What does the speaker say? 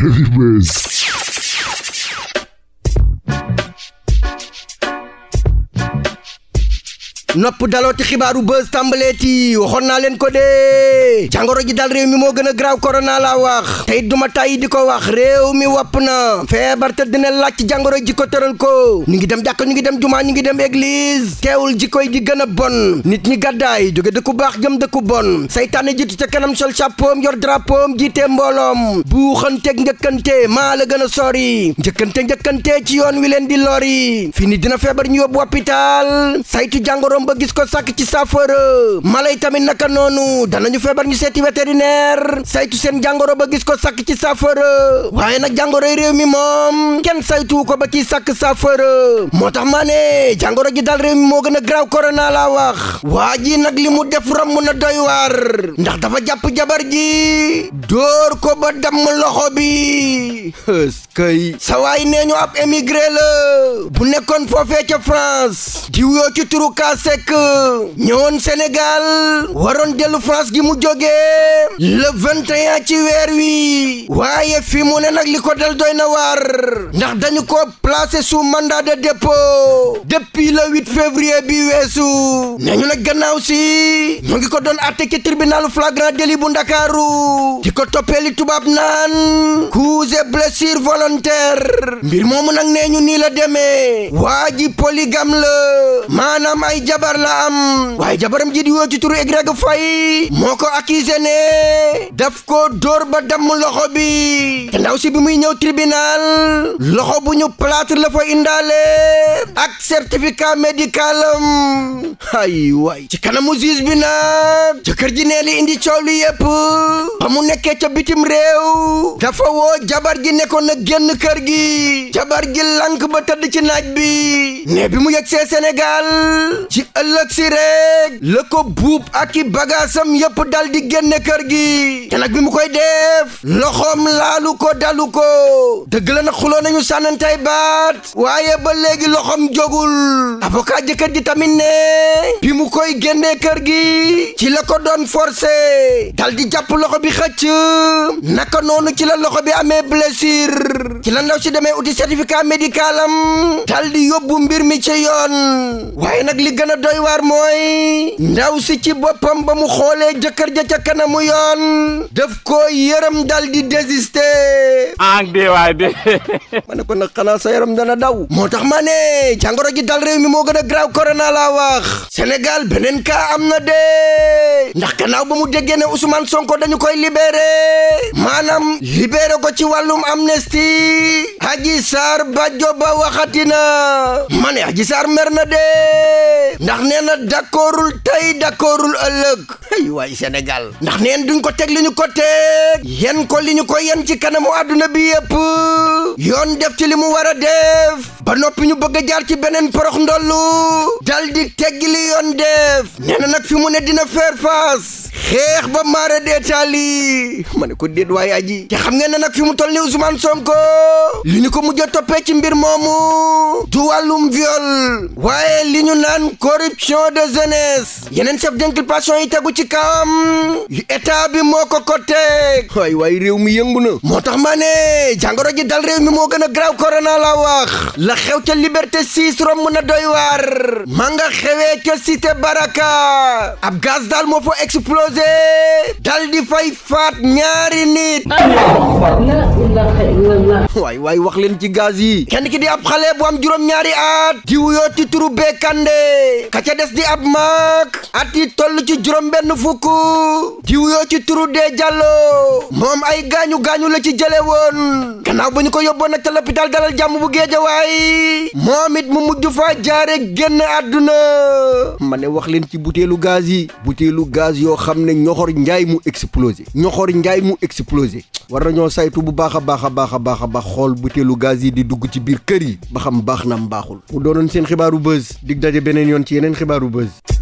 Heavyweight nopp dalooti xibaaru buzz tàmbaleeti waxoon naa leen ko dee jàngoro ji dal réew mi moo gën a graaw korona laa wax tey duma tàyyi di ko wax réew mi wopp na feebar te dina laaj ci jàngoro ji ko tëral ko ñu ngi dem jàkk ñu ngi dem jumaa ñu ngi dem église teewul jikkoy di gën a bon nit ñi gàddaay jóge dëkku baax jëm dëkku bon saytaane jiitu ca kanam sol chapeau yor drapeau jiite mbooloom buuxanteeg njëkkante maa la gën a sori njëkkante njëkkante ci yoon wi leen di lori fini dina feebar ñu yóbbu feebaram ba gis ko sàkk ci saafara mala yi tamit naka noonu danañu feebar ñu seeti vétérinaire saytu seen jàngoro ba gis ko sakk ci saafara waaye nag jàngoroy réew mi moom kenn saytu ko ba ci sàkk saafara moo tax maa ne jàngoro ji daal réew moo gën a graaw corona laa wax waa ji nag li mu def ram na a doy waar ndax dafa jàpp jabar ji dóor ko ba damm loxo bi ëskay sa waay nee ñu ab émigré la bu nekkoon foofee ca France di ci turu Seck ñëwoon Sénégal waroon dellu France gi mu jógee le 21 ci weer wi waaye fi mu ne nag li ko dal doy na waar ndax ko placé sous mandat de dépôt depuis le 8 février bi gannaaw si ñu ngi ko doon atte ci tribunalu flagrant délit bu Ndakaaru di ko toppee li tubaab naan coups et blessures mbir moomu nag nee ñu nii la demee waa ji maanaam ay jab jabar la am waaye jabaram ji di woo ci turu moo ko accusé ne daf ko dóor ba damm loxo bi te ndaw si bi muy ñëw tribunal loxo bu ñu plâtre la fa indaale ak certificat médical am ay waay ci kanamu juge bi nag jëkkër ji nee indi coow li yépp ba mu nekkee ca bitim réew dafa woo jabar ji nekkoon na génn kër gi jabar ji lank ba tëdd ci naaj bi ne mu yegg see Sénégal ëllëg si rek la ko buub ak i bagaasam yëpp dal di génne kër gi te nag bi mu koy def loxoom laalu ko dalu ko dëgg la nag xuloo nañu sànnantay baat waaye ba léegi loxoom jogul avocat jëkkër ji tamit ne bi mu koy génnee kër gi ci la ko doon forcé dal di jàpp loxo bi xëcc naka noonu ci la loxo bi amee blessure ci la ndaw si demee uti certificat médical am yóbbu mbir mi ci yoon waaye nag li gën doy waar mooy ndaw si ci boppam ba mu xoolee jëkkër ja ca kanamu yoon daf koo yërëm dal di désister. ah dee waay ko nag xanaa sa yaram dana daw. moo tax ma ne jàngoro ji dal réew mi moo gën a graaw corona laa wax. Sénégal beneen cas am na de ndax gannaaw ba mu déggee ne Ousmane Sonko dañu koy libéré maanaam libéré ko ci wàllum amnistie. Adji Sarr bajjo ba waxati na ma ne mer na de ndax nee na d'accordul tey ëllëg ay waay Sénégal ndax neen duñ ko teg liñu ñu ko teg yen ko li ñu ko yen ci kanamu àdduna bi yëpp yoon def ci li mu war a def ba noppi bëgg a jaar ci beneen porox ndollu dal di teggi li yoon def nee na nag fi mu ne dina faire xeex ba maara deetaali ma ne ko déet waaye aji te xam ngeen ne nag fi mu toll ni Ousmane Sonko li ñu ko mujj a toppee ci mbir moomu du wàllum viol waaye li ñu naan corruption de jeunesse yeneen chef d'inculpation yi tegu ci kawam yu état bi moo ko ko teg waay mi yëngu na moo tax maa ne jàngoro ji dal réew mi moo gën a graw korona la wax la xew ca liberté 6 romb na doy waar ma nga xewee ca cité baraka ab gaz daal moo fa explosé de fay faat ñaari nit waay wax leen ci gaz yi kenn ki di ab xale bu am juróom-ñaari at di wuyoo ci turu Bekande ka ca des di ab maag at yi toll ci juróom-benn fukk di wuyoo ci turu dee Jallo moom ay gaañu-gaañu la ci jële woon gannaaw ba ñu ko yóbboon nag ca l'hôpital dalal jàmm bu Géejawaay moom it mu mujj faa jaare génn àdduna ma ne wax leen ci butéelu gaz yi butéelu gaz yoo xam ne ne ñoxor njaay mu explosé ñoxor njaay mu explosé war nañoo saytu bu baax a baax a baax a baax a baax xool butéelu gaz yi di dugg ci biir kër yi ba xam baax na am baaxul mu doonoon seen xibaaru buzz dig daje beneen yoon ci yeneen xibaaru buzz